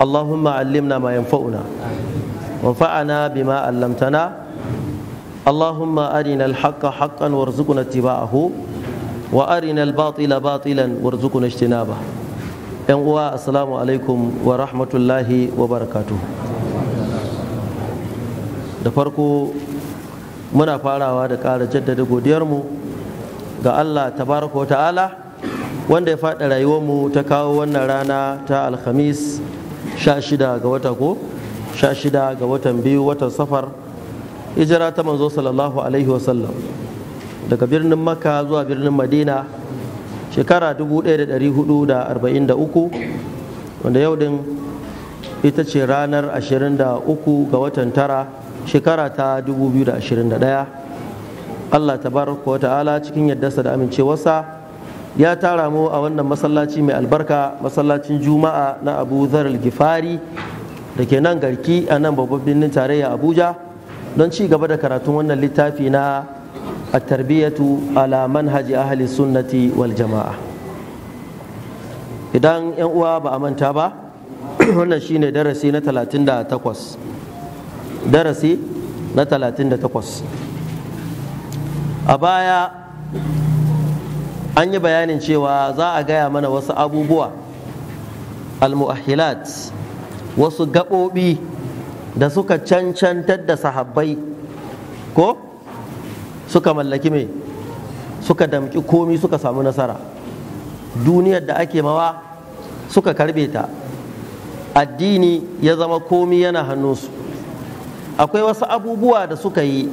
اللهم علمنا ما ينفعنا وانفعنا بما علمتنا اللهم أرنا الحق حقا وارزقنا اتباعه وأرنا الباطل باطلا وارزقنا اجتنابه yan uwa assalamu alaikum wa rahmatullahi wa barakatuhu da farko muna farawa da kara jaddada godiyarmu ga allah tabaraka wa ta'ala wanda ya faɗa mu ta kawo wannan rana ta alhamis sha shida ga wata ko ga watan biyu watan safar hijira ta manzo sallallahu alaihi wasallam daga birnin makka zuwa birnin madina shekara 1443 wanda yau din ita ce ranar 23 ga watan tara shekara ta 2021 allah tabaraka wa ta'ala cikin yaddarsa da amincewarsa ya tara mu a wannan masallaci mai albarka masallacin juma'a na abu zar gifari da ke nan garki a nan babban birnin tarayya abuja don ci gaba da karatun wannan littafi na a tarbiyyatu ala manhaji ahalin sunnati wal jama'a idan yan uwa ba a manta ba wannan shine darasi na 38 darasi na 38 a baya an yi bayanin cewa za a gaya mana wasu abubuwa almu'ahilat wasu gaɓoɓi da suka cancantar da sahabbai ko suka mallaki mai suka damƙi komi suka samu nasara duniyar da ake mawa suka karbe ta addini ya zama komi yana hannunsu akwai wasu abubuwa da suka yi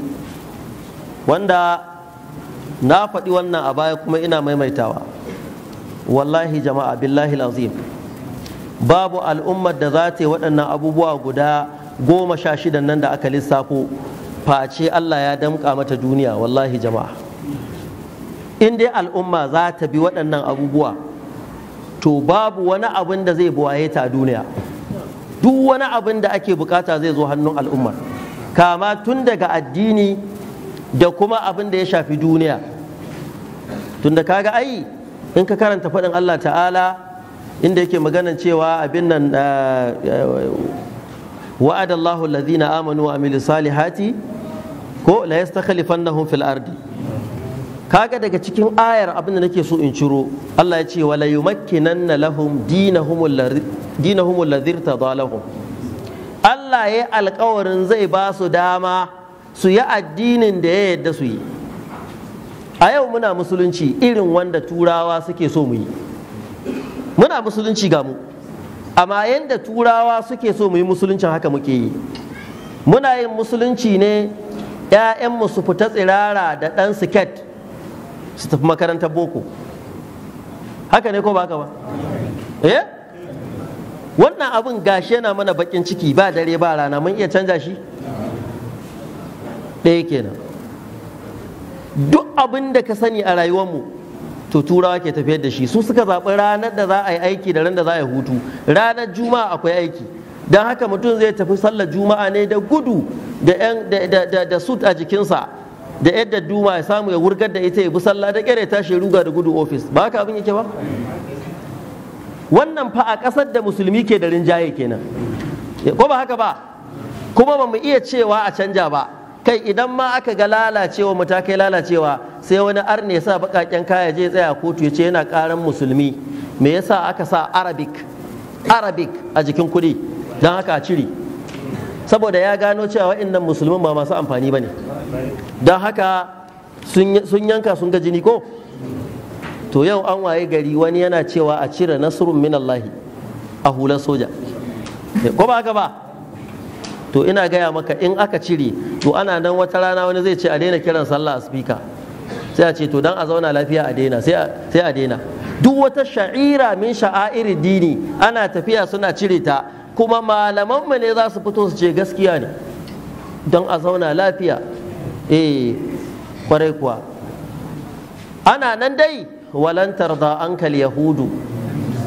wanda na faɗi wannan a baya kuma ina maimaitawa wallahi jama'a billahi azim babu al'ummar da za ta yi waɗannan abubuwa guda goma sha shidan nan da aka lissafo face Allah ya damƙa mata duniya wallahi jama'a in dai al'umma za ta bi waɗannan abubuwa to babu wani abin da zai buwaye ta duniya duk wani abin da ake bukata zai zo hannun al'ummar kama tun daga addini da kuma abin da ya shafi duniya tunda kaga ai in ka karanta faɗin Allah ta'ala inda yake maganan cewa abin nan eh, eh, wa'adallahu alladhina amanu wa amilu salihati ko la yastakhlifannahum fil ardi kaga daga cikin ayar abin da nake so in ciro Allah ya ce wala yumakkinanna lahum dinahum alladhi irtadalahum Allah ya alƙawarin zai ba su dama su yi addinin da ya yadda su yi a yau muna musulunci irin wanda turawa suke so mu yi muna musulunci ga mu amma yadda turawa suke so mu yi musuluncin haka muke yi muna yin musulunci ne 'ya'yanmu su fita tsirara da ɗan siket su tafi makarantar boko haka ne ko ba haka ba eh wannan abin gashi yana mana bakin ciki ba dare ba rana mun iya canja shi ɗaya kenan duk abin da ka sani a rayuwarmu to turawa ke tafiyar da shi su suka zaɓi ranar da za a yi aiki da ran da za a yi hutu ranar juma'a akwai aiki don haka mutum zai tafi sallar juma'a ne da gudu da sut a jikinsa da yadda duma ya samu ya wurgar da ita ya bi sallah da ƙyare tashi ruga da gudu ofis ba haka abin yake ba wannan fa a ƙasar da musulmi ke da rinjaye kenan ko ba haka ba kuma ba mu iya cewa a canja ba kai idan ma aka ga lalacewa matakai lalacewa sai wani arne sa bakaken kaya je tsaya kotu ya ce yana karan musulmi me yasa aka sa arabic arabic a jikin kuɗi don haka a cire saboda ya gano cewa waɗannan musulmin ba masu amfani ba ne don haka sun yanka sun ga jini ko to yau an waye gari wani yana cewa a cire nasrun minallahi a hular soja ko ba haka ba to ina gaya maka in aka cire to ana nan wata rana wani zai ce a daina kiran sallah a speaker sai a ce to dan a zauna lafiya a daina sai a daina duk wata sha'ira min sha'airi dini ana tafiya suna cire ta kuma malaman mu ne za su fito su ce gaskiya ne don a zauna lafiya eh kwarai kuwa ana nan dai walantar da kal yahudu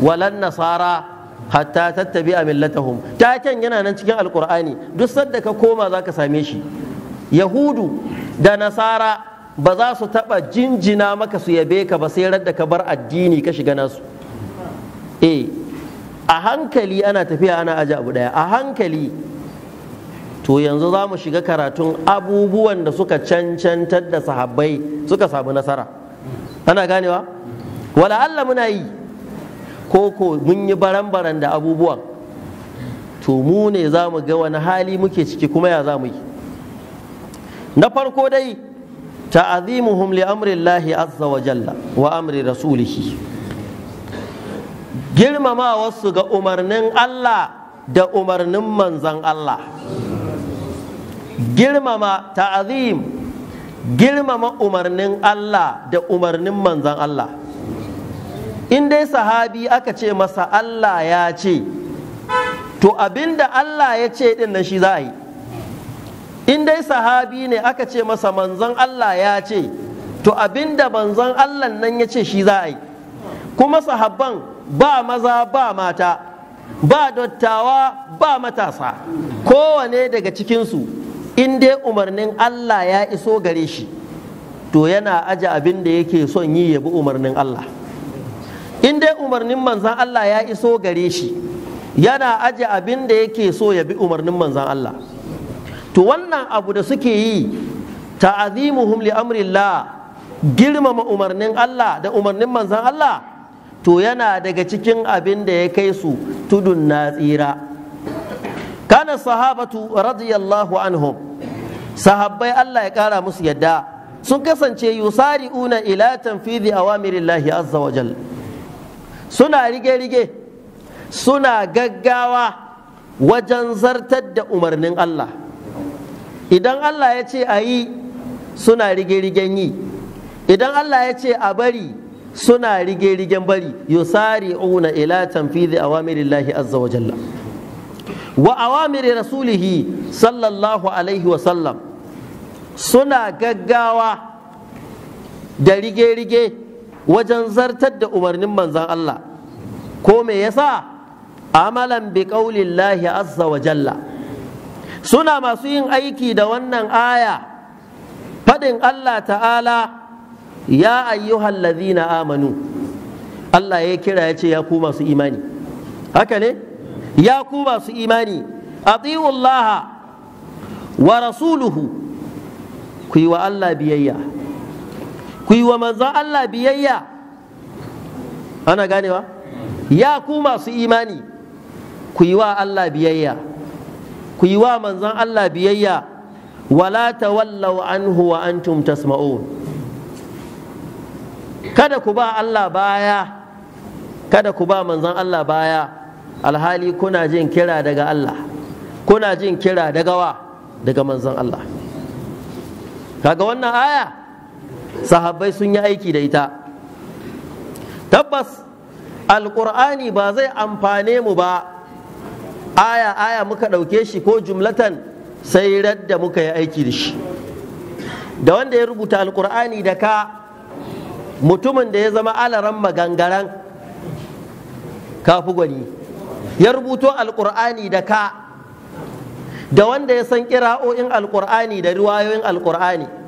walan nasara hatta tattabi a millatahum taken yana nan cikin alkur'ani duk sadda ka koma za ka same shi yahudu da nasara ba za su taɓa jinjina maka su yabe ka ba sai radda ka bar addini ka shiga nasu eh a hankali ana tafiya ana aji abu ɗaya a hankali to yanzu za mu shiga karatun abubuwan da suka cancantar da sahabbai suka samu nasara ana ganewa wala Allah muna yi ko ko mun yi baran-baran da abubuwan to mu ne za mu ga wani hali muke ciki kuma ya za mu yi na farko dai ta'azimuhum li amrillahi azza wa jalla wa amri rasulihi girmamawarsu ga umarnin Allah da umarnin manzan Allah girmama ta'azim girmama umarnin Allah da umarnin manzan Allah in dai sahabi aka ce masa Allah ya ce to abinda Allah ya ce din nan shi za a yi in dai sahabi ne aka ce masa manzon Allah ya ce to abinda manzon Allah nan ya ce shi za a yi kuma sahabban ba maza ba mata ba dattawa ba matasa kowane daga cikinsu in dai umarnin Allah ya iso gare shi to yana aje abin da yake son yi ya bi umarnin Allah in dai umarnin manzan Allah ya iso gare shi yana aje abin da yake so ya bi umarnin manzan Allah to wannan abu da suke yi ta'azimuhum li amrillah girmama umarnin Allah da umarnin manzan Allah to yana daga cikin abin da ya kai su tudun na tsira kana sahabatu radiyallahu anhum sahabbai Allah ya kara musu yadda sun kasance yusari'una ila tanfidhi awamirillahi azza wa jalla suna rige-rige suna gaggawa wajen zartar da umarnin Allah idan Allah ya ce a yi suna rige-rigen yi idan Allah ya ce a bari suna rige-rigen bari una ila tanfidhi awamirillahi azza wa jalla wa awamiri rasulihi sallallahu alaihi wa sallam suna gaggawa da rige-rige wajen zartar da umarnin manzan Allah ko me yasa amalan bi qaulillahi azza wa jalla suna masu yin aiki da wannan aya faɗin Allah ta'ala ya ayyuhal ladhina amanu Allah ya kira ya ce ya ku masu imani haka ne ya ku masu imani atiullaha wa rasuluhu ku yi wa Allah biyayya ku yi wa manzon Allah biyayya ana ganewa ya ku masu imani ku yi wa Allah biyayya ku yi wa manzon Allah biyayya wala tawallaw anhu wa antum tasma'un kada ku ba Allah baya kada ku ba manzon Allah baya alhali kuna jin kira daga Allah kuna jin kira daga wa daga manzon Allah kaga wannan aya sahabbai sun yi aiki da ita tabbas alkur'ani ba zai amfane mu ba aya aya muka ɗauke shi ko jumlatan sai radda muka yi aiki da shi da wanda ya rubuta alkur'ani da ka mutumin da ya zama alaran magangaran kafi gwani ya rubuto alkur'ani da ka da wanda ya san ƙira'o'in alkur'ani da riwayoyin alkur'ani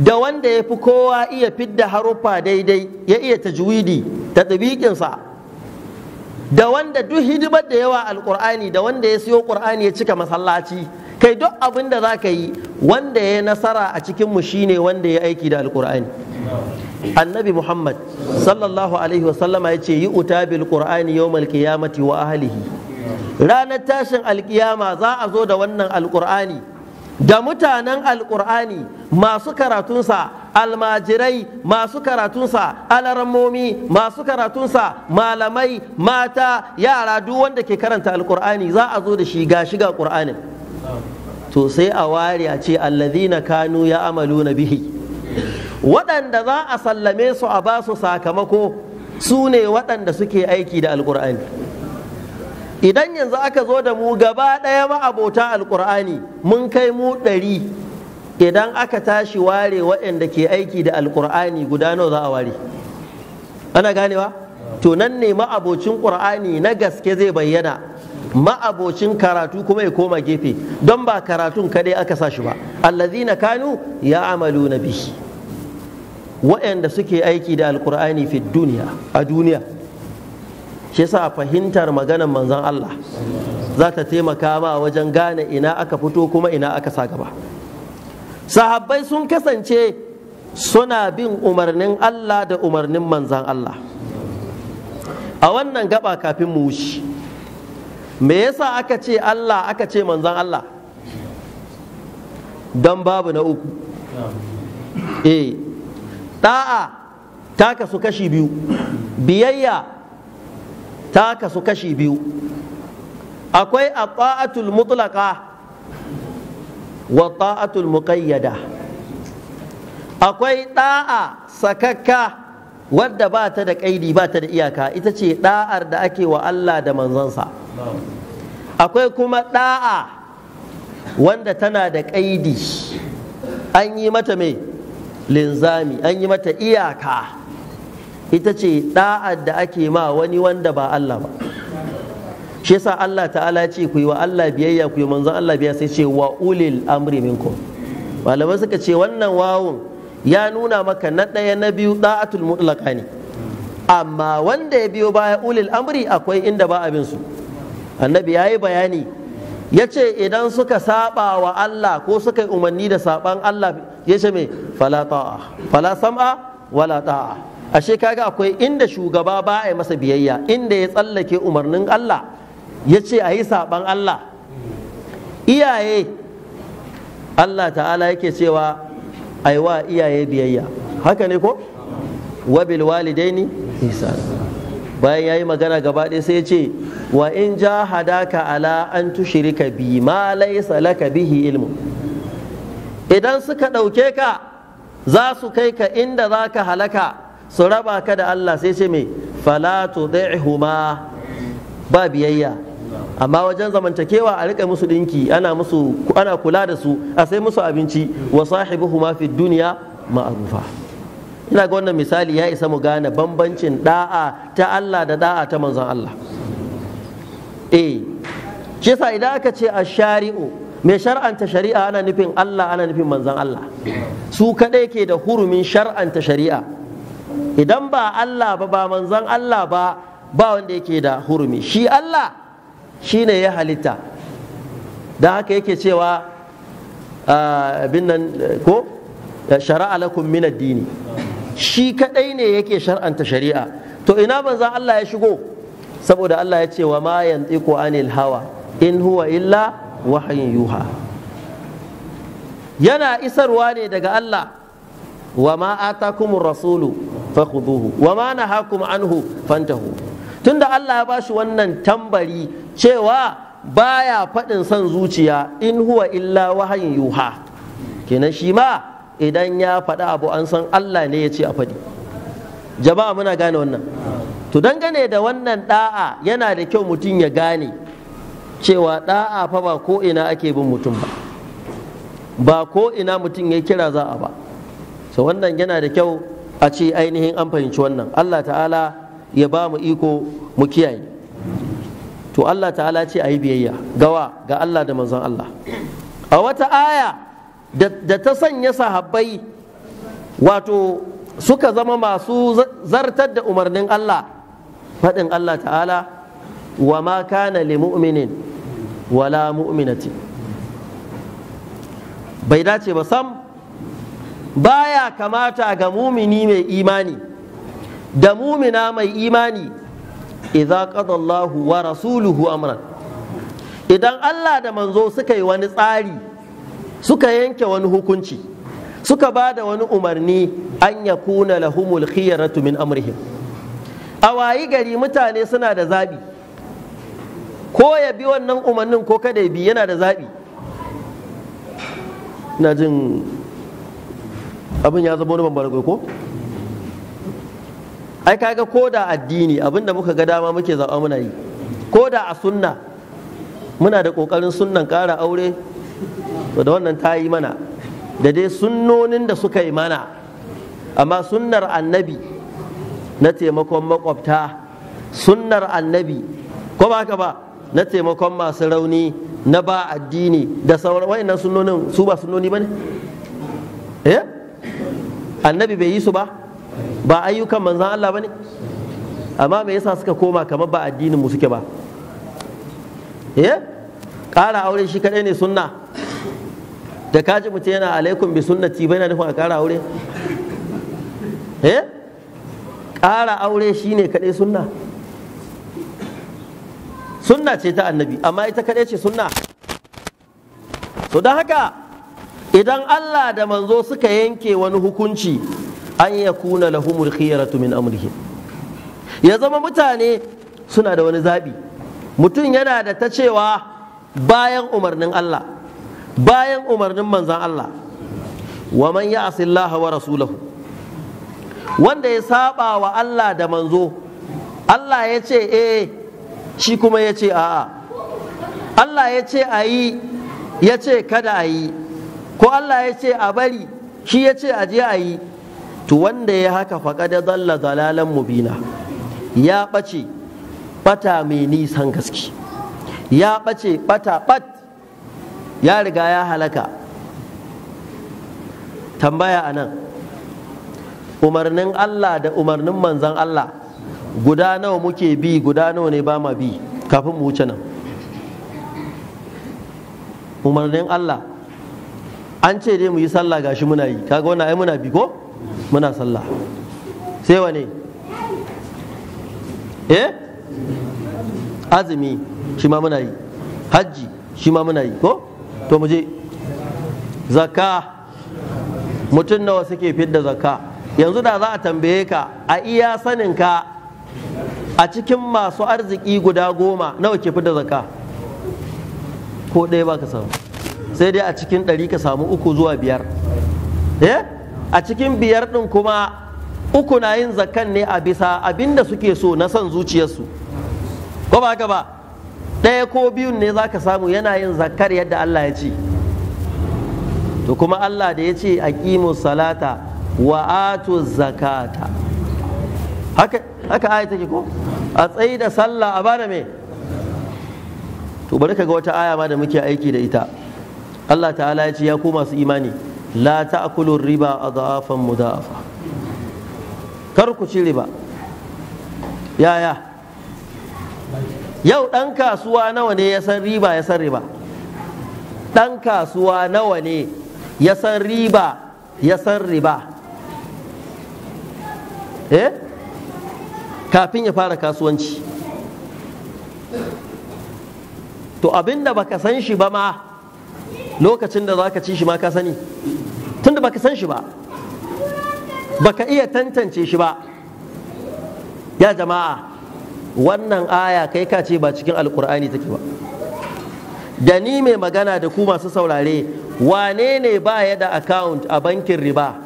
da wanda ya fi kowa iya fidda haruffa daidai ya iya tajwidi ta tsibikinsa. da wanda duk hidimar da yawa alkur'ani da wanda ya siyo ƙur'ani ya cika masallaci kai duk abin da za ka yi wanda ya nasara a cikinmu shine wanda ya aiki da alkur'ani annabi muhammad sallallahu alaihi wasallama ya ce yi uta bil qur'ani yawmal qiyamati wa ahlihi ranar tashin alkiyama za a zo da wannan alƙur'ani da mutanen alkur'ani masu karatunsa almajirai masu karatunsa alarammomi masu karatunsa malamai mata yara duk wanda ke karanta alkur'ani za a zo da shi ga shiga ƙur'anin to sai a ware a ce allazina kanu ya amalu na bihi waɗanda za a sallame su a ba su sakamako su ne waɗanda suke aiki da alkur'ani idan yanzu aka zo da mu gaba ɗaya ma'abota alkur'ani mun kai mu ɗari idan aka tashi ware waɗanda ke aiki da alkur'ani guda nawa za a ware ana ganewa to nan ne ma'abocin ƙur'ani na gaske zai bayyana ma'abocin karatu kuma ya koma gefe don ba karatun kaɗai aka sa shi ba allazina kanu ya amalu na bihi waɗanda suke aiki da alkur'ani fi duniya a duniya shi yasa fahimtar maganar manzon Allah za ta taimaka ma wajen gane ina aka fito kuma ina aka sa gaba sahabbai sun kasance suna bin umarnin Allah da umarnin manzan Allah a wannan gaba kafin mu wuce me yasa aka ce Allah aka ce manzan Allah don babu na uku eh ɗa'a ta kasu kashi biyu biyayya ta kasu kashi biyu akwai a mutlaka wa ta'atul muƙayyada akwai ɗa'a sakakka wadda ba ta da ƙaidi ba ta da iyaka ita ce ɗa'ar da ake wa Allah da manzansa akwai kuma ɗa'a wanda tana da ƙaidi an yi mata mai linzami an yi mata iyaka ita ce da'ad da ake ma wani wanda ba Allah ba shi yasa Allah ta'ala ce ku yi wa Allah biyayya ku yi manzon Allah biyayya sai ce wa ulil amri minkum malamai suka ce wannan wawun ya nuna maka na ɗaya na biyu da'atul mutlaqa ne amma wanda ya biyo baya ulil amri akwai inda ba abin su annabi yayi bayani ya ce idan suka saba wa Allah ko suka yi umarni da saban Allah ya ce me fala ta'a fala sam'a wala ta'a ashe kaga akwai inda shugaba ba a yi masa biyayya inda ya tsallake umarnin Allah ya ce a yi saɓan Allah iyaye Allah ta'ala yake cewa a wa iyaye biyayya haka ne ko wabil walidaini bayan ya yi magana gaba ɗaya sai ya ce wa in ja hadaka ala an ka bi ma laisa laka bihi ilmu idan suka ɗauke ka za su kai ka inda za ka halaka su raba ka da Allah sai ce mai fala tudihuma ba biyayya amma wajen zamantakewa a rika musu dinki ana musu ana kula da su a sai musu abinci wa sahibuhuma fi duniya ma'rufa ina ga wannan misali ya isa mu gane bambancin da'a ta Allah da da'a ta manzon Allah E, shi yasa idan aka ce a shariu mai shar'anta shari'a ana nufin Allah ana nufin manzon Allah su kaɗai ke da hurumin shar'anta shari'a idan ba Allah ba ba manzon Allah ba ba wanda yake da hurumi shi Allah shine ya halitta da haka yake cewa abin nan ko shara'a lakum min addini shi kadai ne yake shar'anta shari'a to ina manzon Allah ya shigo saboda Allah ya ce wa ma yantiqu anil hawa in huwa illa wahayin yuha yana isarwa ne daga Allah wa ma atakumur rasulu fakhuduhu wa ma nahakum anhu fantahu tunda Allah ya bashi wannan tambari cewa baya faɗin son zuciya in huwa illa wahayin yuha kenan shi ma idan ya faɗi abu an san Allah ne ya ce a faɗi jama'a muna gane wannan to dangane da wannan da'a yana da kyau mutum ya gane cewa da'a fa ba ko ina ake bin mutum ba ba ko ina mutum ya kira za ba so wannan yana da kyau a ce ainihin an fahimci wannan Allah ta'ala ya ba mu iko mu kiyaye to Allah ta'ala ce a yi biyayya gawa ga Allah da manzon Allah a wata aya da ta sanya sahabbai wato suka zama masu zartar da umarnin Allah faɗin Allah ta'ala wa ma kana li mu'minin wala mu'minati bai dace ba sam baya kamata ga mumini mai imani da mumina mai imani idza qada Allahu wa rasuluhu amran idan Allah da manzo suka yi wani tsari suka yanke wani hukunci suka ba da wani umarni an ya lahumul khiyaratu min amrihim a wayi gari mutane suna da zabi ko ya bi wannan umarnin ko kada ya bi yana da zabi na abin ya zama wani bambara ko ai kaga ko da addini abinda muka ga dama muke zaɓa muna yi ko da a sunna muna da ƙoƙarin sunnan ƙara aure da wannan ta yi mana da dai sunnonin da suka yi mana amma sunnar annabi na taimakon makwabta sunnar annabi ko ba haka ba na taimakon masu rauni na ba addini da sauran wayannan sunnonin su ba sunnoni ba ne eh annabi bai yi su ba ba ayyukan manzan Allah ba ne amma me yasa suka koma kamar ba addinin mu suke ba eh ƙara aure shi kaɗai ne sunna da kaji mutum yana alaikum bi sunnati bai na nufin a ƙara aure eh ƙara aure shi ne kaɗai sunna sunna ce ta annabi amma ita kaɗai ce sunna to don haka idan Allah da manzo suka yanke wani hukunci an ya kuna lahumul khiyaratu min amrihi ya zama mutane suna da wani zabi mutum yana da ta cewa bayan umarnin Allah bayan umarnin manzan Allah wa man ya asillaha wa rasulahu wanda ya saba wa Allah da manzo Allah ya ce eh shi kuma ya ce a'a Allah ya ce a yi ya ce kada a yi ko Allah ya ce a bari shi ya ce a je a yi to wanda ya haka da zalla zalalan mubina ya ɓace ɓata mai nisan gaske ya ɓace ɓata ɓat ya riga ya halaka tambaya a nan umarnin Allah da umarnin manzan Allah guda nawa muke bi guda nawa ne ba ma bi kafin mu wuce nan umarnin Allah an ce dai mu yi sallah gashi muna yi kaga wani ai muna bi ko muna sallah sai wane eh azumi shi ma muna yi hajji shi ma muna yi ko to mu je zakka mutum nawa suke fidda zakka yanzu da za a tambaye ka a iya sanin ka a cikin masu arziki guda goma nawa ke fidda zakka ko ɗaya ba ka samu sai dai a cikin ɗari ka samu uku zuwa biyar eh? a cikin biyar ɗin kuma uku na yin zakan ne a bisa abinda suke so na son zuciyarsu ko ba ba ɗaya ko biyun ne za ka samu yana yin zakar yadda Allah ya ce to kuma Allah da ya ce a salata wa atu zakata haka haka aya take ko a tsayi da sallah a bada me to bari ka ga wata aya ma da muke aiki da ita Allah ta'ala ya ce ya ku masu imani la ta'kulu riba adhafan mudafa kar ku ci riba yaya yau dan kasuwa nawa ne ya san riba ya san riba Dan kasuwa nawa ne ya san riba ya san riba eh kafin ya fara kasuwanci to abinda baka san shi ba ma lokacin da za ka ci shi ma ka sani tunda ka san shi ba ba ka iya tantance shi ba ya jama'a wannan aya kai ka ce ba cikin alkur'ani take ba da ni mai magana da ku masu saurare wane ne ba ya da account a bankin riba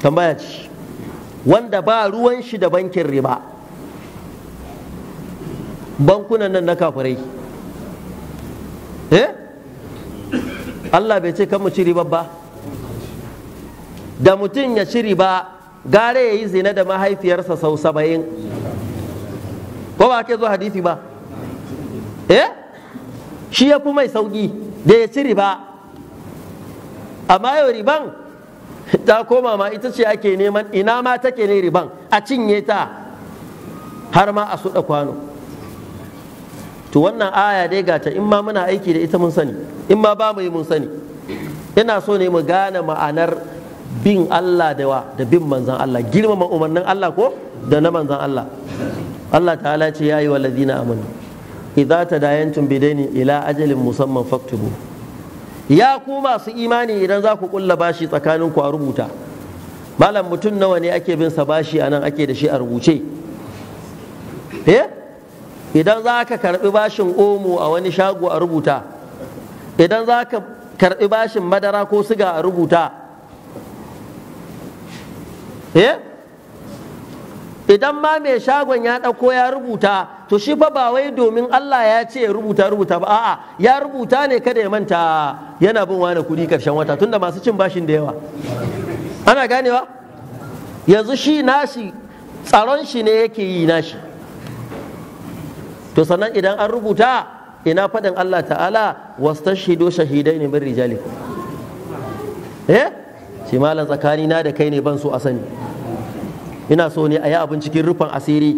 tambaya ce wanda ba ruwan shi da bankin riba bankunan nan na kafirai eh Allah bai ce kan mu ci riba ba da mutum ya ci riba gare ya yi zina da mahaifiyarsa sau saba'in ko ba ke zo hadisi ba eh shi ya fi mai sauƙi. da ya ci riba amma yau riban ta koma ma ita ce ake neman ina ma take ne riban a cinye ta har ma a suɗa kwano to wannan aya dai gata in ma muna aiki da ita mun sani in ma ba mu yi mun sani ina so ne mu gane ma'anar bin Allah da wa da bin manzan Allah girmama umarnin Allah ko da na manzan Allah Allah ta'ala ce yayi ladina amanu idza tadayantum bidaini ila ajalin musamman faktubu ya ku masu imani idan za ku kulla bashi tsakanin ku a rubuta malam mutum nawa ne ake bin sa bashi anan ake da shi a rubuce eh idan za ka karɓi bashin omo a wani shago a rubuta idan za ka karɓi bashin madara ko siga a rubuta eh? idan ma mai shagon ya ɗauko ya rubuta to shi fa ba wai domin Allah ya ce rubuta rubuta ba a'a ya rubuta ne kada ya manta yana bin wani kuɗi ƙarshen wata tunda masu cin bashin da yawa ana ganewa yanzu shi nashi tsaron shi ne yake yi nashi to sannan idan an rubuta ina faɗin Allah ta'ala shahidai shahidaini min rijalikum eh shi malam tsakani na da kai ne ban so a sani ina so ne a yi abin cikin rufin asiri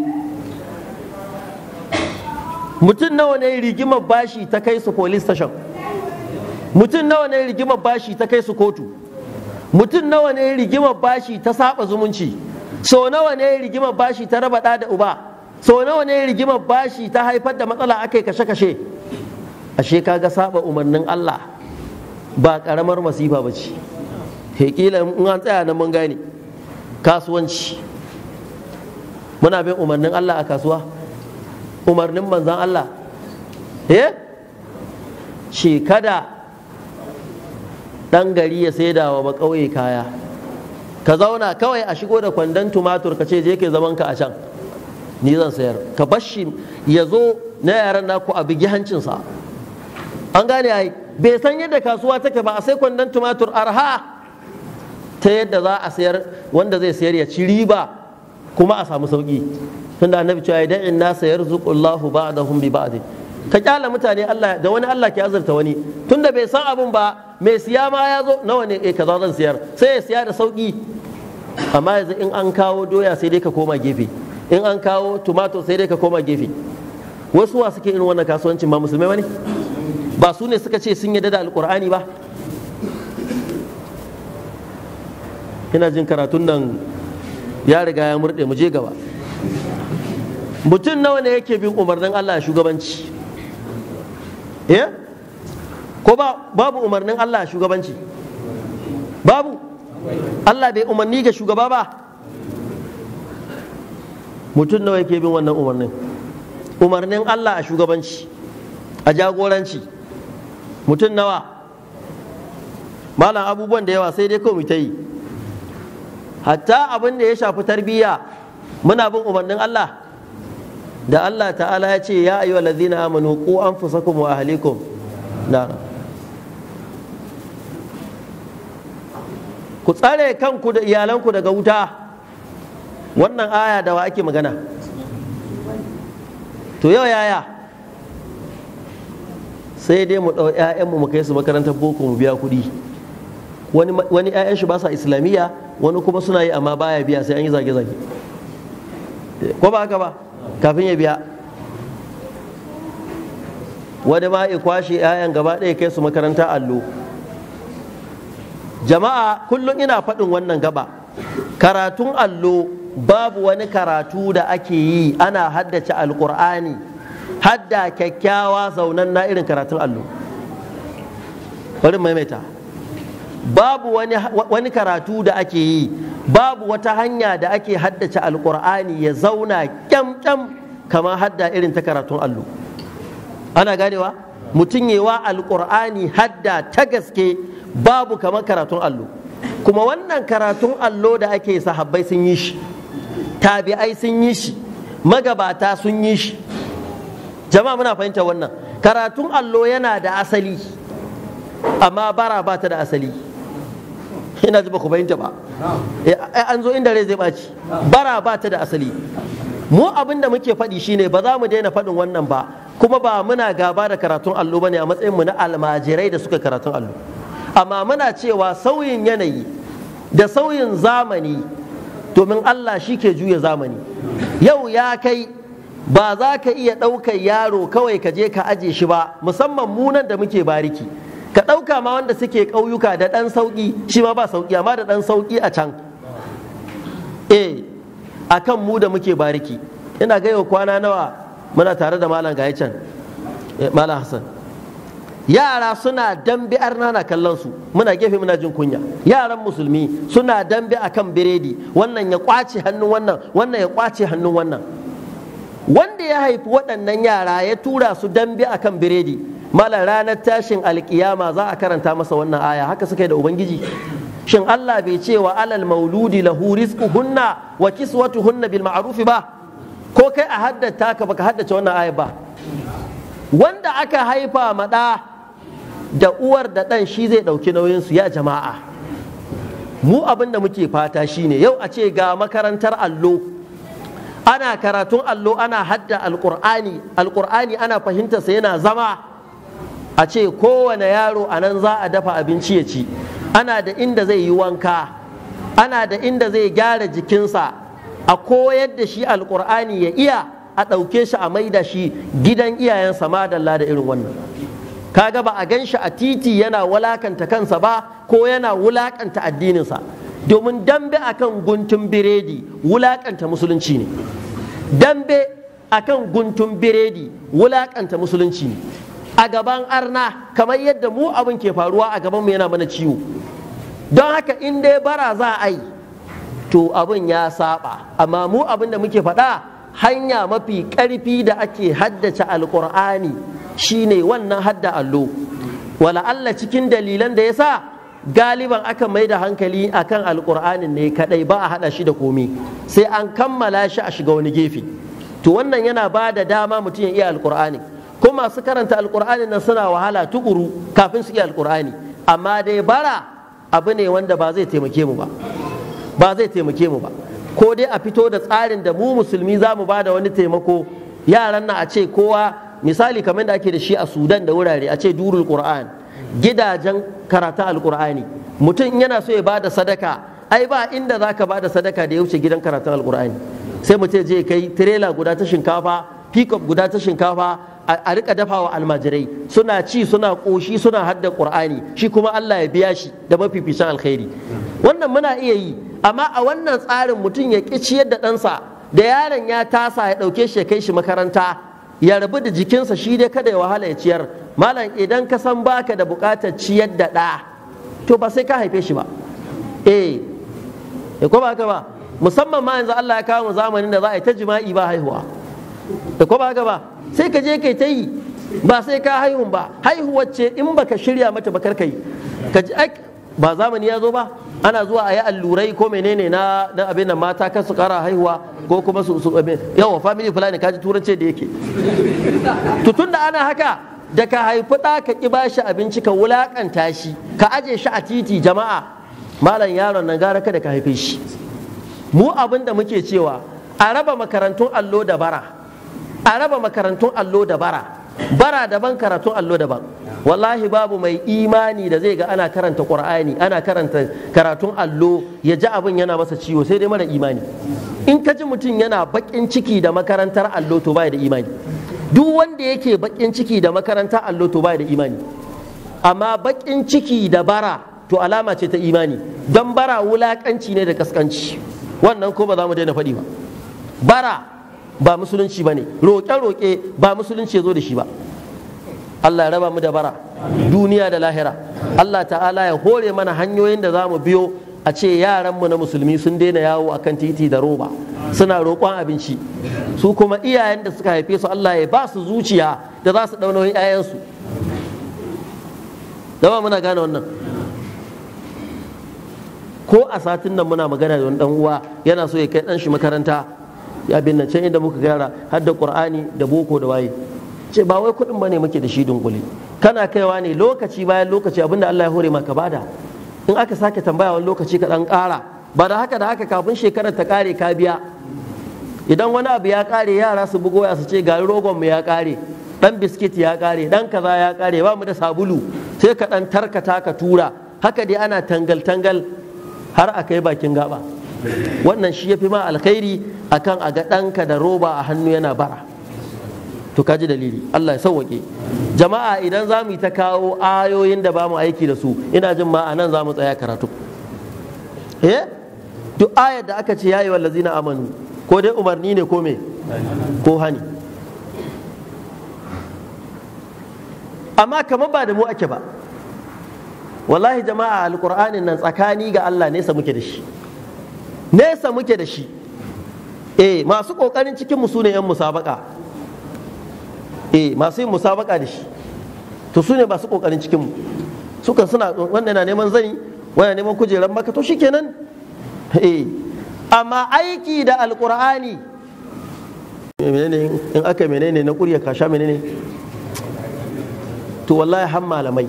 mutum nawa ne rigimar bashi ta kai su police station mutum nawa ne rigimar bashi ta kai su kotu mutum nawa ne rigimar bashi ta saba zumunci so nawa ne rigimar bashi ta raba da uba so nawa ne rigimar bashi ta haifar da matsala ake kashe-kashe ashe kaga saba umarnin Allah ba karamar masifa ba ce hekila in an tsaya nan mun gane kasuwanci muna bin umarnin Allah a kasuwa umarnin manzan Allah eh ce kada ɗan gari ya saida wa ƙauye kaya ka zauna kawai a shigo da kwandon tumatur ka ce je ke zaman ka a can ni zan sayar ka bar shi ya zo na yaran naku a bigi hancinsa an gane ai bai san yadda kasuwa take ba a sai kwandon tumatur arha ta yadda za a sayar wanda zai sayar ya ci riba kuma a samu sauki tunda annabi cewa idan in nasa yarzuqullahu ba'dahum bi ba'd ka kyala mutane da wani Allah ke azurta wani tunda bai san abun ba mai siya ma ya zo nawa ne eh kaza zan sayar sai ya siya da sauki amma yanzu in an kawo doya sai dai ka koma gefe in an kawo tumatur sai dai ka koma gefe wasu wa suke irin wannan kasuwancin ba musulmai ba ne ba su ne suka ce sun yadda da alkur'ani ba ina jin karatun nan ya riga ya murɗe mu je gaba mutum nawa ne yake bin umarnin Allah shugabanci eh ko ba babu umarnin Allah shugabanci babu Allah bai umarni ga shugaba ba mutum nawa yake bin wannan umarnin umarnin Allah a shugabanci a jagoranci mutum nawa malam abubuwan da yawa sai dai kawai ta yi hatta abin da ya shafi tarbiyya muna bin umarnin Allah da Allah ta'ala ya ce ya ayyuhal ladzina amanu qu anfusakum wa ahlikum ku tsare kanku da iyalanku daga wuta wannan aya da wa ake magana to yau yaya sai dai mu ɗau 'ya'yanmu mu kai su makarantar boko mu biya kuɗi wani 'ya'yan shi ba sa islamiyya wani kuma suna yi amma baya biya sai an yi zage-zage ko ba haka ba kafin ya biya wani ma ya kwashe 'ya'yan gaba ɗaya kai su makaranta allo jama'a kullum ina faɗin wannan gaba karatun allo babu wani karatu da ake yi ana haddace alkur'ani hadda kyakkyawa zaunan na irin karatun allo bari maimaita babu wani, wani karatu da ake yi babu wata hanya da ake haddace alkur'ani ya zauna kyamkyam kama hadda irin ta karatun allo ana ganewa mutum yewa alkur'ani hadda ta gaske babu kamar karatun allo kuma wannan karatun allo da ake sahabbai sun yi shi tabi'ai sun yi shi magabata sun yi shi jama'a muna fahimtar wannan karatun allo yana da asali amma bara ba ta da asali ina ji ba ku fahimta ba eh, an zo inda rai zai ɓaci bara ba ta da asali mu abin da muke faɗi shine ba za mu daina faɗin wannan ba kuma ba muna gaba da karatun allo ba ne a matsayin mu na almajirai da suka karatun allo amma muna cewa sauyin yanayi da sauyin zamani domin Allah shi ke juya zamani yau ya kai ba za ka iya ɗaukar yaro kawai ka je ka aje shi ba musamman munan da muke bariki ka ɗauka ma wanda suke ƙauyuka da ɗan sauƙi shi ma ba sauƙi amma da ɗan sauƙi a can eh, a kan mu da muke bariki ina ga kwana nawa muna tare da malam ga eh, malam hassan yara suna dambe arna na kallon su muna gefe muna jin kunya yaran musulmi suna dambe akan biredi wannan ya kwace hannun wannan wannan ya kwace hannun wannan wanda ya haifi waɗannan yara ya tura su dambe akan biredi mala ranar tashin alkiyama za a karanta masa wannan aya haka suka yi da ubangiji shin Allah bai ce wa alal mauludi lahu rizquhunna wa kiswatuhunna bil ma'ruf ba ko kai a haddata ka baka haddace wannan aya ba wanda aka haifa maɗa da uwar da ɗan shi zai ɗauki nauyinsu ya jama'a mu abin da muke fata shine yau a ce ga makarantar allo ana karatun allo ana hadda alƙur'ani alƙur'ani ana fahimtarsa yana zama a ce kowane yaro a nan za a dafa abinci ya ci ana da inda zai yi wanka ana da inda zai gyara jikinsa a koyar da shi alƙur'ani ya iya a ɗauke shi a maida shi gidan iyayensa madalla da irin wannan kaga ba a gan shi a titi yana walakanta kansa ba ko yana wulakanta addininsa domin dambe a kan guntun biredi wulakanta musulunci ne dambe a kan guntun biredi wulakanta musulunci ne a gaban arna kamar yadda mu abin ke faruwa a gabanmu yana mana ciwo don haka in dai bara za a yi to abin ya saba amma mu abin da muke faɗa hanya mafi ƙarfi da ake haddace alƙur'ani Shi ne wannan hadda allo wala Allah cikin dalilan da ya sa galiban aka mai da hankali akan alƙur'anin ne kadai ba a hada shi da komi sai an kammala shi a shiga wani gefe to wannan yana ba da dama mutum ya iya alƙur'ani ko masu karanta alƙur'ani nan suna wahala tukuru kafin su iya alƙur'ani amma dai bara abu ne wanda ba zai taimake mu ba ba zai taimake mu ba ko dai a fito da tsarin da mu musulmi za mu ba da wani taimako yaran na a ce kowa misali kamar da ake da shi a sudan da wurare a ce durul qur'an gidajen karatu alqur'ani mutum yana so ya bada sadaka ai ba inda zaka bada sadaka da ya wuce gidan karatu alqur'ani sai mu ce je kai tirela guda ta shinkafa pickup guda ta shinkafa a rika dafawa almajirai suna ci suna koshi suna hadda qur'ani shi kuma Allah ya biya shi da mafificin alkhairi wannan muna iya yi amma a wannan tsarin mutum ya ƙi ciyar da ɗansa da yaron ya tasa ya ɗauke shi ya kai shi makaranta ya rabu da jikinsa shi dai kada ya wahala ya ciyar malam idan ka san baka da bukatar ciyar da ɗa to ba sai ka haife shi ba eh ya eh, ko baka ba musamman ma yanzu Allah ya kawo mu zamanin da za a yi ta jima'i ba haihuwa da eh, ko baka haka ba sai ka je kai ta yi ba sai ka haihun ba haihuwar ce in baka shirya mata bakar kai ka yi ka ji ba zamani ya zo ba ana zuwa a yi allurai ko menene na na abin da mata kan su kara haihuwa ko kuma su su abin yawa family planning kaji turance da yake to tunda ana haka da ka haifi da ka ƙi bashi abinci ka wulaƙanta shi ka aje shi a titi jama'a malam yaron nan gara kada ka haife shi mu abin da muke cewa a raba makarantun allo da bara a raba makarantun allo da bara bara daban karatun allo daban wallahi babu mai imani da zai ga ana karanta qur'ani ana karanta karatun allo ya ji abin yana masa ciwo sai dai mara imani in ka ji mutum yana bakin ciki da makarantar allo to bai da imani duk wanda yake bakin ciki da makarantar allo to bai da imani amma bakin ciki da bara to alama ce ta imani don bara wulakanci ne da kaskanci wannan ko ba za mu daina faɗi ba bara ba musulunci ba ne roƙe-roƙe ba musulunci ya zo da shi ba Allah ya raba mu da bara duniya da lahira Allah ta'ala ya hore mana hanyoyin da za mu biyo a ce mu na musulmi sun daina yawo a kan titi da roba suna roƙon abinci su kuma iyayen da suka haife su Allah ya ba su zuciya da za su ɗauna ‘ya'yansu dama muna gane wannan ko a satin nan muna magana da wani uwa yana so ya kai ɗan shi makaranta Ya nan can inda muka gyara har da qur'ani da boko da waye ce ba wai kuɗin bane muke da shi dunkule kana kaiwa ne lokaci bayan lokaci abinda Allah ya hore maka bada in aka sake tambaya wani lokaci ka dan ƙara ba da haka da haka kafin shekarar ta ƙare ka biya idan wani abu ya ƙare yara su bugo ya su ce gari rogon mu ya ƙare dan biskit ya ƙare dan kaza ya ƙare ba mu da sabulu sai ka dan tarkata ka tura haka dai ana tangal tangal har a kai bakin gaba wannan shi ya fi ma alkhairi akan a ga ɗanka da roba a hannu yana bara to kaji dalili Allah ya sauwaƙe jama'a idan za mu yi ta kawo ayoyin da ba mu aiki da su ina jin ma a nan za mu tsaya karatu eh duk ayar da aka ce yayi wallazina amanu ko dai umarni ne ko me ko hani amma kamar ba da mu ake ba wallahi jama'a alƙur'anin nan tsakani ga Allah nesa muke da shi nesa muke da shi E masu kokarin cikin mu sune yan musabaka e eh, masu yin musabaka da shi to su ne masu kokarin cikin mu sukan suna wanda na neman zani wanda neman kujerar maka to shikenan e amma aiki da alkur'ani menene in aka menene na kurya kasha menene to wallahi har malamai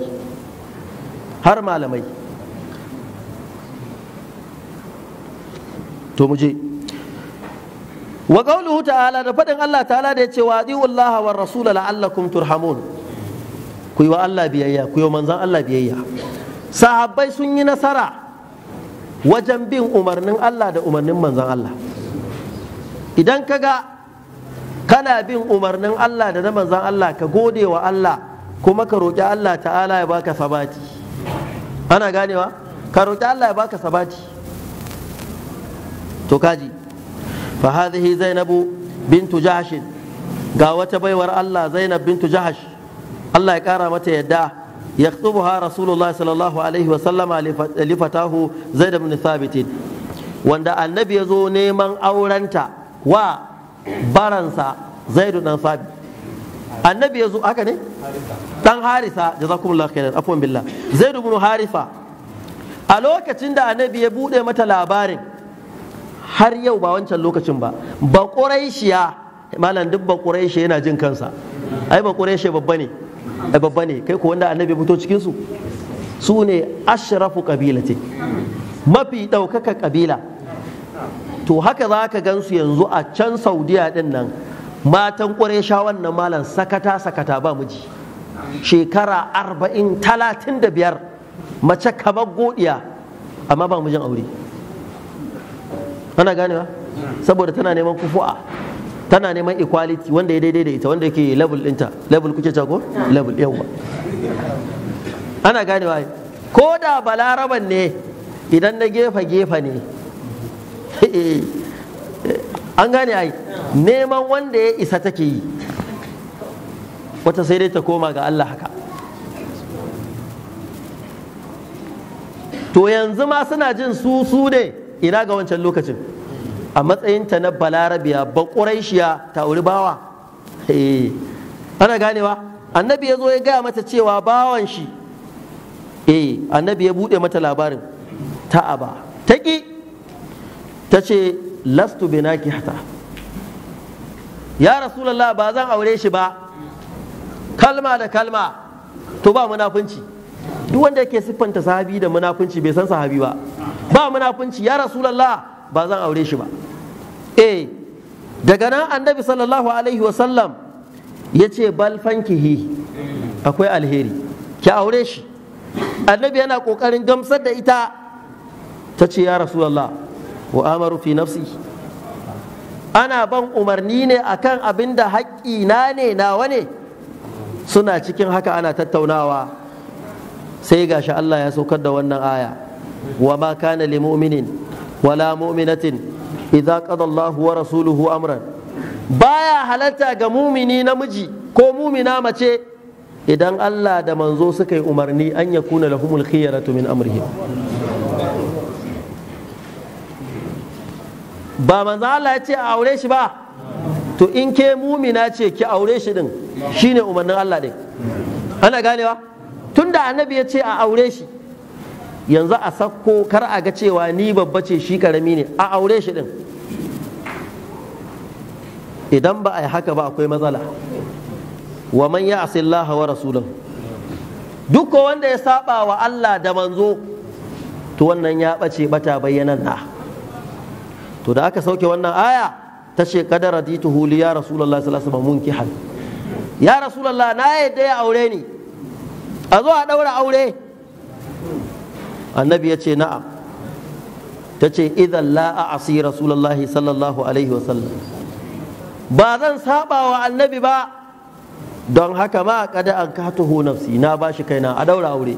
har malamai to mu je wa qawluhu ta'ala da fadin Allah ta'ala da yace wa adiu Allah wa rasul la'allakum turhamun ku yi wa Allah biyayya ku yi manzon Allah biyayya sahabbai sun yi nasara wajen bin umarnin Allah da umarnin manzon Allah idan ka ga kana bin umarnin Allah da na manzon Allah ka gode wa Allah kuma ka roƙi Allah ta'ala ya baka sabati ana ganewa ka roƙi Allah ya baka sabati to kaji fa hadhihi zainabu bintu jahsh ga wata baiwar Allah Zainab bintu jahsh Allah ya kara mata yadda yaktubuha rasulullah sallallahu alaihi wa sallama li fatahu zaid ibn thabit wanda annabi ya zo neman aurenta wa baransa zaid dan thabit annabi ya zo haka ne dan harisa jazakumullahu khairan afwan billah zaid ibn harifa a lokacin da annabi ya bude mata labarin har yau ba wancan lokacin ba ba malam duk ba yana jin kansa ai ba babba ne ai babba ne kai ko wanda annabi fito cikin su su ne ashrafu qabilati mafi ɗaukaka ƙabila. to haka za ka gansu yanzu a can saudiya din nan matan ƙuraisha wannan malam sakata sakata ba miji shekara arba'in talatin da biyar mace kamar godiya amma ba mijin aure ana ganewa saboda tana neman kufu'a tana neman equality wanda ya daidai da ita wanda yake level ɗinta level kuke ta ko level yawa ana ganewa ko da balaraban ne idan na gefa gefa ne eh, eh, an gane ai neman wanda ya isa take yi wata sai dai ta koma ga Allah haka to yanzu ma suna jin su su ne ina ga wancan lokacin a matsayinta na balarabiya ba ƙuraishiya ta wuri bawa eh, ana ganewa annabi ya zo ya gaya mata cewa bawan shi eh annabi ya buɗe mata labarin ba ta ƙi ta ce lastu binaki hata ya rasulallah ba zan aure shi ba kalma da kalma to ba munafunci duk wanda yake siffanta sahabi da munafunci bai san sahabi ba ba munafunci ya rasulallah ba zan aure shi ba eh daga nan annabi sallallahu alaihi wasallam ya ce bal fankihi akwai alheri ki aure shi annabi yana kokarin gamsar da ita ta ce ya rasulallah wa amaru fi nafsi ana ban umarni ne akan abinda da haƙƙina ne nawa ne suna cikin haka ana tattaunawa sai gashi Allah ya saukar da wannan aya wa ma kana li mu'minin wala mu'minatin idza qada Allahu wa rasuluhu amran baya halatta ga mumini namiji ko mumina mace idan Allah da manzo suka yi umarni an ya kuna lahumul khiyaratu min amrihim ba manzo Allah ya ce a aure shi ba to in ke mumina ce ki aure shi din shine umarnin Allah din ana ganewa tun da annabi ya ce a aure shi yanzu a sakko kar a ga cewa ni babba ce shi karami ne a aure shi din idan ba a yi haka ba akwai matsala wa man ya asi Allah wa rasulun. duk wanda ya saba wa Allah da manzo to wannan ya bace bata bayyanan na to da aka sauke wannan aya ta ce kadara dituhu li ya rasulullahi sallallahu alaihi wasallam munkihan ya rasulullahi na yadda ya aure ni a zo a ɗaura aure annabi ya ce na'am ta ce idan la'a asi rasulallahi sallallahu alaihi wasallam ba zan saba wa annabi ba don haka ma kada an katuhu nafsi na ba shi kaina a ɗaura aure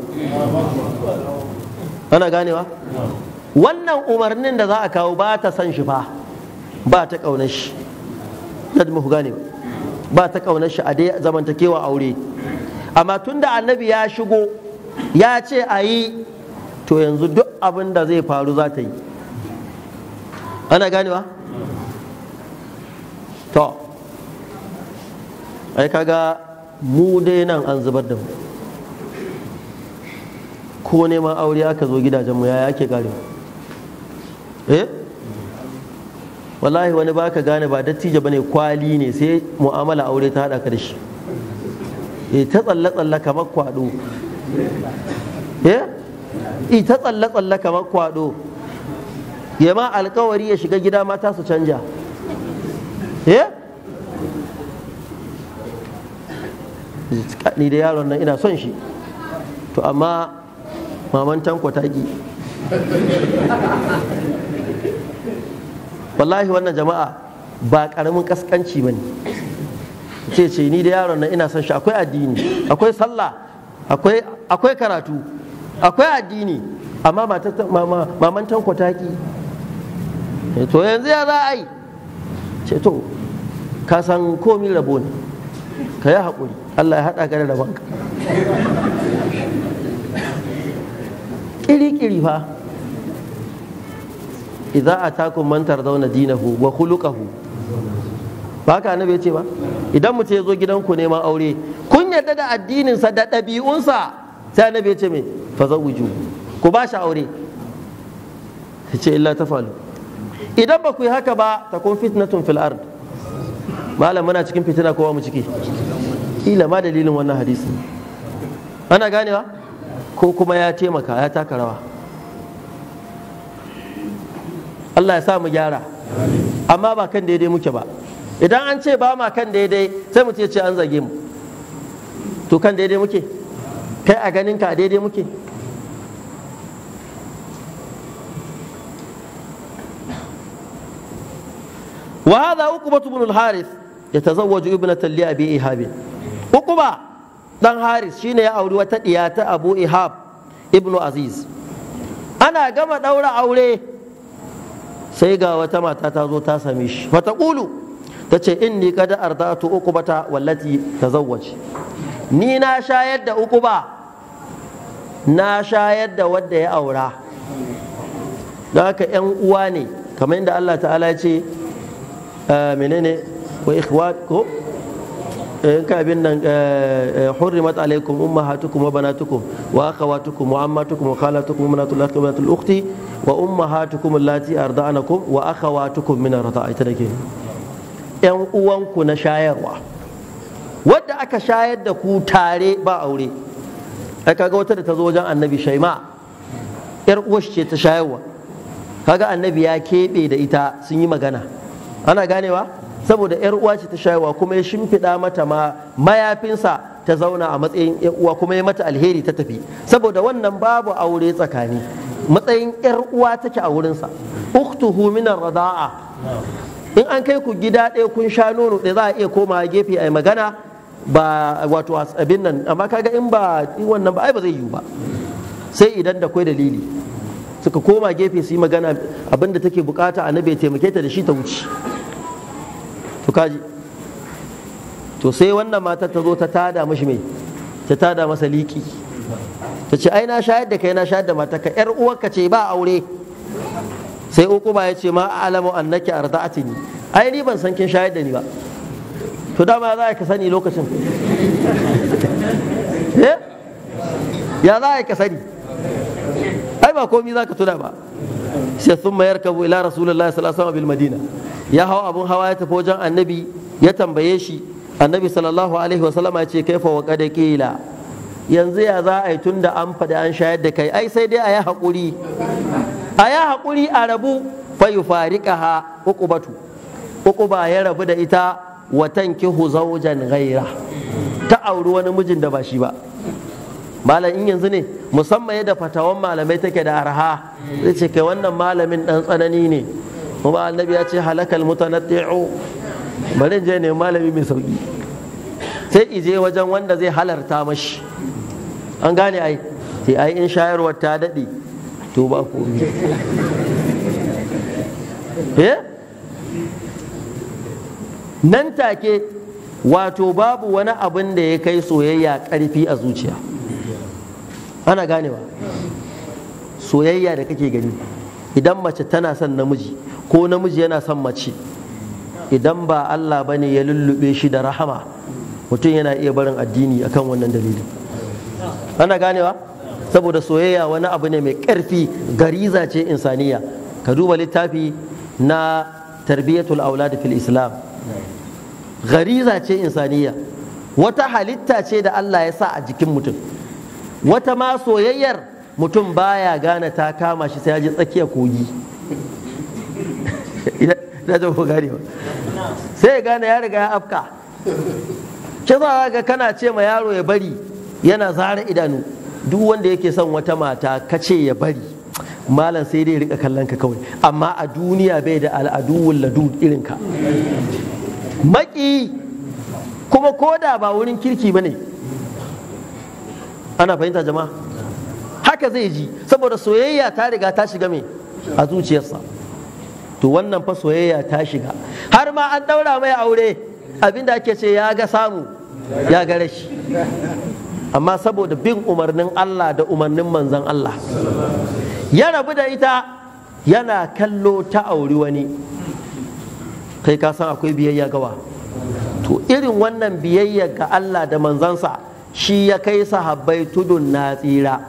ana ganewa wannan umarnin da za a kawo ba ta san shi ba, ba ta ƙaunar shi gane ba ta ƙaunar shi a dai zamantakewa aure amma tun da annabi ya shigo ya ce a yi to yanzu duk abin da zai faru za ta yi ana ganewa to ai kaga mu dai nan an zubar da mu ko neman aure aka zo gidajenmu ya yake gane eh wallahi wani baka gane ba dattijo bane kwali ne sai mu'amala aure ta haɗa ka da shi ita eh, ta tsalle tsalle kamar kwado ya eh? eh, ta tsalle tsalle kamar kwado ya ma alkawari ya shiga gida mata su canja ni da yaron nan ina son shi to amma maman tanko ta ki wallahi wannan jama'a ba ƙaramin ƙasƙanci ba ne ce ce ni da yaron nan ina son shi akwai addini akwai sallah akwai karatu akwai addini amma maman tanko ta ki eh, to yanzu ya za a yi ce to ka san komi rabo ne ka yi haƙuri Allah ya haɗa ka da rabonka ƙiri-ƙiri fa idza atakum man tardawna dinahu wa khuluquhu ba haka annabi ya ce ba idan mu ya zo gidanku neman aure kun yarda da addininsa da ɗabi'unsa sai annabi ya ce me fa zawuju ku ba shi aure ce illa tafalu idan ba ku yi haka ba ta kun fitnatun fil ard malam muna cikin fitina kowa mu ciki ila ma dalilin wannan hadisi ana ganewa ko kuma ya taimaka ya taka rawa Allah ya sa mu gyara amma ba kan daidai muke ba idan an ce ba ma kan daidai sai mu ce an zage mu to kan daidai muke kai a ganin ka daidai muke wa hada uqba ibn al-haris yatazawwaju ibn tali abi ihab Ukuba dan haris shine ya auri wata diya ta abu ihab ibn aziz ana gama daura aure sai ga wata mata ta zo ta same shi fa taqulu ta ce inni kada ardatu uqbata wallati tazawwaj ni na shayar da uquba na shayar da wadda ya aura don haka yan uwa ne kamar yadda Allah ta'ala ya ce ah, menene wa ikhwatkum in eh, ka abin nan eh, eh, hurrimat alaikum ummahatukum wa banatukum wa akhawatukum wa ammatukum wa khalatukum wa banatul akhti wa banatul ukhti wa ummahatukum allati arda'anakum wa akhawatukum min ar-rada'a ita 'yan uwanku na shayarwa wadda aka shayar da ku tare ba aure kaga wata da ta zo wajen annabi shaima yar uwashi ce ta shayarwa kaga annabi ya keɓe da ita sun yi magana ana ganewa saboda yar uwa ce ta shayarwa kuma ya shimfiɗa mata ma mayafinsa ta zauna a matsayin uwa kuma ya mata alheri ta tafi saboda wannan babu aure tsakani matsayin yar uwa take a wurinsa uktuhu minar Raza'a. in an kai ku gida ɗaya kun sha nono ɗaya za a iya komawa gefe a magana ba wato abin nan amma kaga in ba wannan ba ai ba zai yiwu ba sai idan da kwai dalili suka koma gefe su yi magana abin da take bukata a ya taimake ta da shi ta wuce to kaji to sai wannan matar ta zo ta tada mashi mai ta tada masa liki ta ce ai na shayar da kai na shayar da ka yar uwarka ce ba aure sai ba ya ce ma alamu annaki arda'atini ai ni ban san kin shayar da ni ba to dama za ka sani lokacin eh? ya za ka sani ai ba komi za ka tuna ba sai sun mayar kabu ila rasulullahi sallallahu alaihi bil madina ya hau abun hawa ya tafi wajen annabi ya tambaye shi annabi sallallahu alaihi wasallama ya ce kaifa wa kada kila yanzu ya za a yi tun da an faɗi an shayar da kai ai sai dai a yi haƙuri Aya ya haƙuri a rabu fa ha ukubatu, uquba ya rabu da ita watan kihu zaujan ghaira ta auri wani mijin da ba shi ba malam in yanzu ne musamman yadda fatawan malamai take da arha zai ce kai wannan malamin dan tsanani ne kuma annabi ya ce halakal mutanatti'u bari je ne malami mai sauki sai ije wajen wanda zai halarta mashi an gane ai sai ai in shayarwar ta daɗe to ba komi eh? nan take wato babu wani abin da ya kai soyayya ƙarfi a zuciya ana ganewa soyayya da kake gani idan mace tana son namiji ko namiji yana son mace idan ba Allah bane ya lullube shi da rahama mutum yana iya barin addini akan wannan dalilin ana ganewa saboda soyayya wani abu ne mai ƙarfi gariza ce insaniya ka duba littafi na tarbiyyatul aulad fil islam gariza ce insaniya wata halitta ce da Allah ya sa a jikin mutum wata ma soyayyar mutum baya gane ta kama shi sai ya ji tsakiyar kogi sai ya gane ya riga ya afka ke za ga kana ce ma yaro ya bari yana zara idanu duk wanda yake son wata mata kace ya bari malam sai dai rika kallon ka kawai amma a duniya bai da al'adu ladud irin ka maki kuma koda ba wurin kirki bane ana fahimta jama'a haka zai ji saboda soyayya ta riga ta shiga me a zuciyarsa to wannan fa soyayya ta shiga har ma an daura mai aure abinda ake ce ya ga samu ya ga rashi amma saboda bin umarnin Allah da umarnin manzan Allah ya rabu da ita yana kallo ta auri wani kai ka san akwai biyayya gawa to irin wannan biyayya ga Allah da manzansa shi ya kai sahabbai tudun na tsira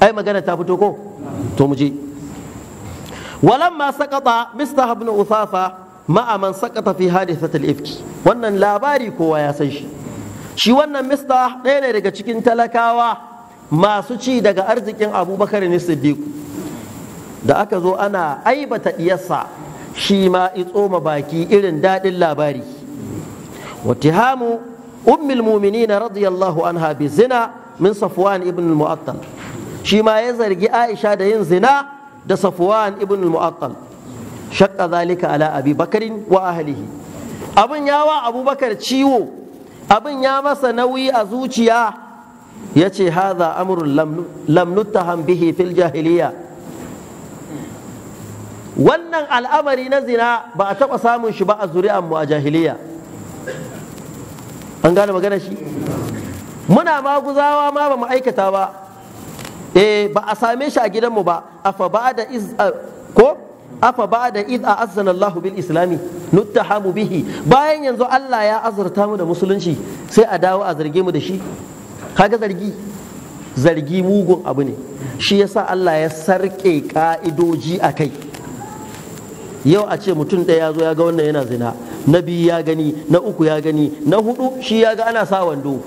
ai magana ta fito ko to mu je walamma sakata mista ibn usafa ma'a man sakata fi hadithatil ifki wannan labari kowa ya san shi shi wannan mista ɗaya ne daga cikin talakawa masu ci daga arzikin abubakar ne siddiq da aka zo ana aibata ɗiyarsa shi ma tsoma baki irin daɗin labari watihamu ummul muminina radiyallahu anha bi zina min safwan ibn mu'attal shi ma ya zargi aisha da yin zina da safwan ibn mu'attal shakka zalika ala abi bakarin wa ahlihi abin yawa abubakar ciwo abin ya masa nauyi a zuciya ya ce haza amurin lamnuttaham bihi fil jahiliya wannan al'amari na zina ba a taɓa samun shi ba a zuri'anmu a jahiliya an gane magana shi muna maguzawa ma ba aikata ba eh ba a same shi a gidanmu ba fa ba da iz ko afa ba da id a Allah bil islami nuttahamu bihi bayan yanzu Allah ya azurta mu da musulunci sai a dawo a zarge mu da shi kaga zargi zargi mugun abu ne shi yasa Allah ya sarke ka'idoji a kai yau a ce mutum ɗaya ya zo ya ga wannan yana zina na biyu ya gani na uku ya gani na hudu shi ya ga ana sa wando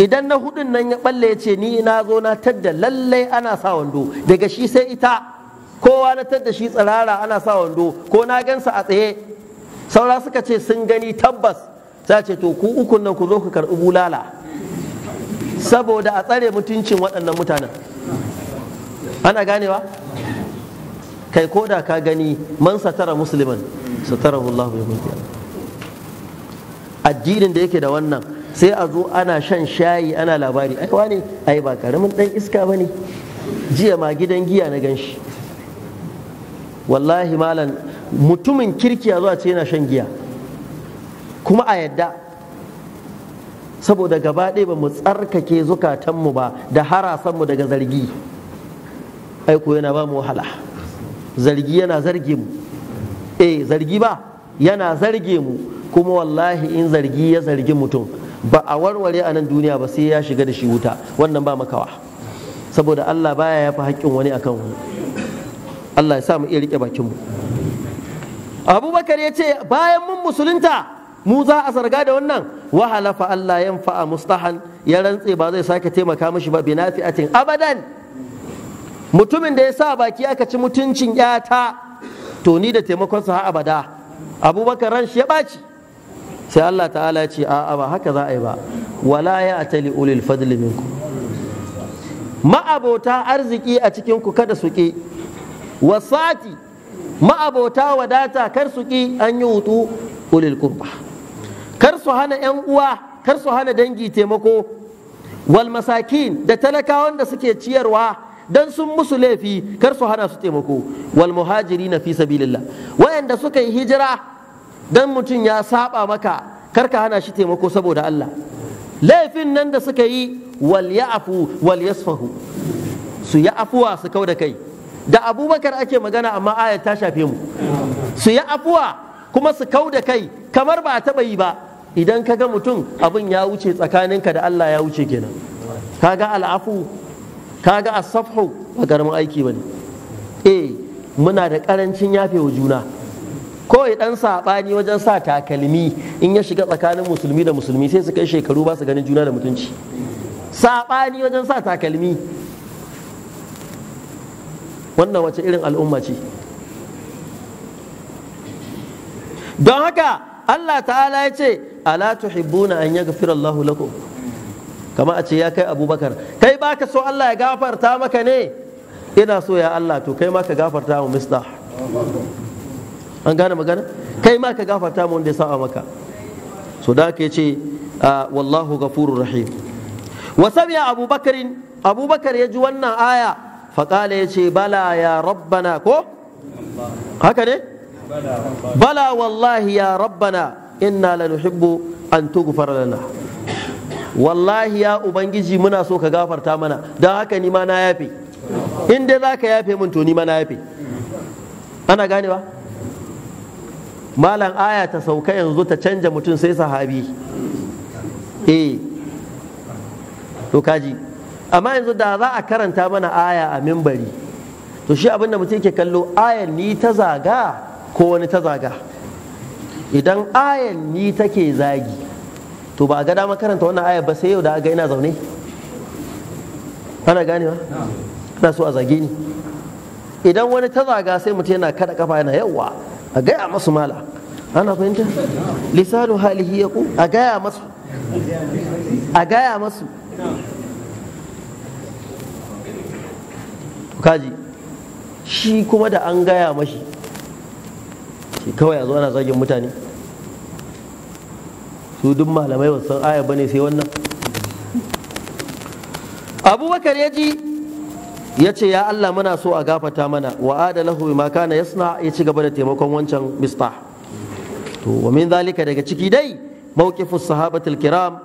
idan na hudun nan ya balle ya ce ni na zo na tadda lallai ana sa wando daga shi sai ita kowa na tadda shi tsirara ana sa wando ko na gansa a tsaye saura suka ce sun gani tabbas za ce to ku ukun nan ku zo ku karɓi bulala saboda a tsare mutuncin waɗannan mutanen ana ganewa kai ko da ka gani man satara musulman satara Allah ya mutu addinin da yake da wannan sai a zo ana shan shayi ana labari ai wane ai ba karamin dan iska bane jiya ma gidan giya na ganshi wallahi malam mutumin kirki ya zuwa ce yana shan giya kuma a yadda saboda gaba ɗaya ba mu tsarkake zukatanmu ba da harasanmu daga zargi aiko yana ba mu wahala zargi yana zarge mu eh zargi ba yana zarge mu kuma wallahi in zargi ya zargi mutum ba a warware a nan duniya ba sai ya shiga da shi wuta wannan ba makawa saboda Allah baya ya fi haƙƙin wani akan wani Allah ya sa mu iya riƙe bakin mu Abubakar ya ce bayan mun musulunta mu za a zarga da wannan wahala fa Allah ya fa'a mustahan ya rantse ba zai sake taimaka mishi ba binafi'atin abadan mutumin da ya sa baki aka ci mutuncin yata to ni da taimakon sa abada abubakar ran shi ya baci sai Allah ta'ala ya ce a'a ba haka za a yi ba wala ya atali ulil fadli minku ma'abota arziki a cikin ku kada suke. wasati ma'abota wadata kar su ƙi an yi hutu ulil kurba kar su hana 'yan uwa kar su hana dangi taimako wal masakin da talakawan da suke ciyarwa dan sun musu laifi kar su hana su taimako wal muhajiri na fi sabilillah wayanda suka yi hijira dan mutum ya saba maka kar ka hana shi taimako saboda Allah laifin nan da suka yi wal ya'fu wal yasfahu su ya afuwa su kau da kai da abubakar ake magana amma ayat ta shafe mu su yi afuwa kuma su kau da kai kamar ba a taɓa yi ba idan ka ga mutum abin ya wuce tsakaninka da Allah ya wuce kenan ka ga al'afu ka ga asafhu ba karamin aiki ba ne eh muna da ƙarancin yafe wa juna kawai ɗan saɓani wajen sa takalmi in ya shiga tsakanin musulmi da musulmi sai su kai shekaru ba su ganin juna da mutunci saɓani wajen sa takalmi wannan wace irin al'umma ce don haka Allah ta'ala ya ce ala tuhibbuna an yaghfira Allahu lakum kama a ce ya kai abubakar kai baka so Allah ya gafarta maka ne ina so ya Allah to kai ma ka gafarta mu mista an gane magana kai ma ka gafarta mu wanda ya saba maka so da ke ce wallahu ghafurur rahim wa sami'a abubakarin abubakar ya ji wannan aya faƙala ya ce bala ya rabbana ko haka ne bala wallahi ya rabbana inna la nuhibbu an tughfara lana wallahi ya ubangiji muna so ka gafarta mana don haka ni ma na yafe in dai za ka yafe min to ni ma na yafe ana gane ba? malam aya ta sauka yanzu ta canja mutum sai sahabi eh to kaji amma yanzu da za a karanta mana aya a mimbari to shi abinda mutum yake kallo ayan ni ta zaga ko wani ta zaga idan ayan ni take zagi to ba a ga dama karanta wannan aya ba sai yau da aga ina zaune ana ganewa ana so a zage ni idan wani ta zaga sai mutum yana kada kafa yana yawa a gaya masu mala ana fahimta lisanu halihi ya ku a gaya masu a gaya masu kaji shi kuma da an gaya mashi shi kawai a zo ana zagin mutane su duk malamai ba san aya ne sai wannan abubakar ya ji ya ce ya Allah muna so a gafata mana wa adalahu bima kana yasna ya ci gaba da taimakon wancan mista to wa min zalika daga ciki dai mawqifus sahabatul kiram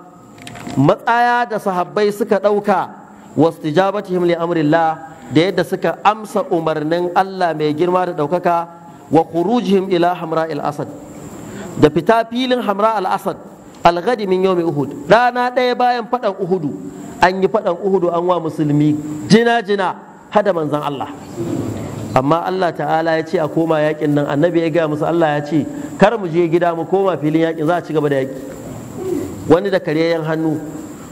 matsaya da sahabbai suka dauka wastijabatihim li amrillah da yadda suka amsa umarnin Allah mai girma da ɗaukaka wa khurujihim ila hamra al-asad da fita filin hamra al-asad al-ghadi min yawmi uhud rana ɗaya bayan faɗan uhudu an yi faɗan uhudu an wa musulmi jina jina hada manzan Allah amma Allah ta'ala ya ce a koma yakin nan annabi ya gaya musu Allah ya ce kar mu je gida mu koma filin yakin za a ci gaba da yaki wani da kare yan hannu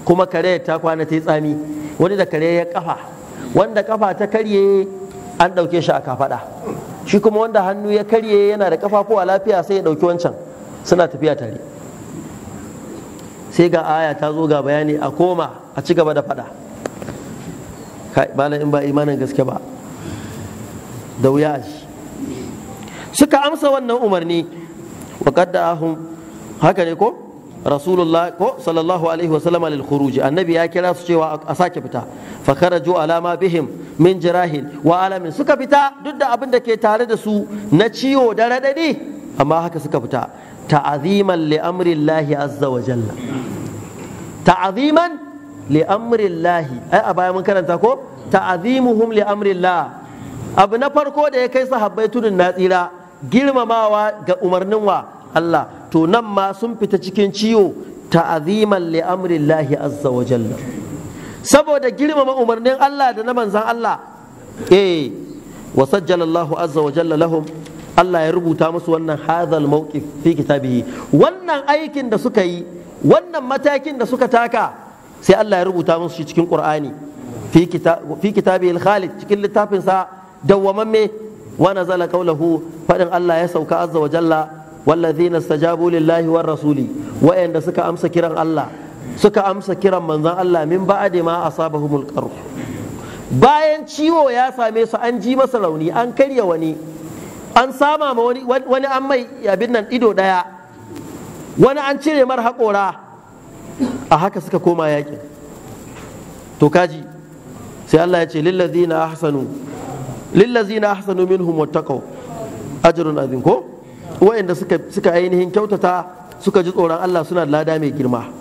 kuma kare ta kwana ta yi tsami wani da kare ya kafa wanda kafa ta karye an ɗauke shi a kafaɗa shi kuma wanda hannu ya karye yana da kafafuwa lafiya sai ya ɗauki wancan suna tafiya tare sai ga aya ta zo ga bayani a koma a ci gaba da faɗa in ba imanin gaske ba da wuya a shi suka amsa wannan umarni wa haka ne ko rasulullah ko sallallahu alaihi wasallam lil khuruj annabi ya kira su cewa a sake fita fa kharaju ala bihim min jirahin wa alamin suka fita duk da abin da ke tare da su na ciwo da radadi amma haka suka fita ta'aziman li amri Allah azza wa jalla ta'aziman li amri Allah ai a baya mun karanta ko ta'azimuhum li amri Allah abu na farko da ya kai sahabbai tudun na tsira girmamawa ga umarnin wa Allah to nan ma sun fita cikin ciwo ta'aziman li lahi azza wa jalla saboda girmama umarnin Allah da na manzan Allah eh wa sajjala azza wa jalla lahum Allah ya rubuta musu wannan hadhal mawqif fi kitabihi wannan aikin da suka yi wannan matakin da suka taka sai Allah ya rubuta musu shi cikin Qur'ani fi kitabihi al-Khalid cikin littafin sa dawwamamme wa nazala qawluhu fadin Allah ya sauka azza wa jalla wallazina stajabu lillahi war rasuli wa'anda suka amsa kiran Allah suka amsa kiran manzon Allah min ba'di ma asabahumul qarh bayan ciwo ya same su an ji masa rauni an karya wani an sama ma wani wani an mai abin nan ido daya wani an cire mar haƙora a haka suka koma yakin to kaji sai Allah ya ce lillazina ahsanu lillazina ahsanu minhum wattaqu ajrun azim ko wayanda suka ainihin kyautata suka ji tsoron Allah suna da lada mai girma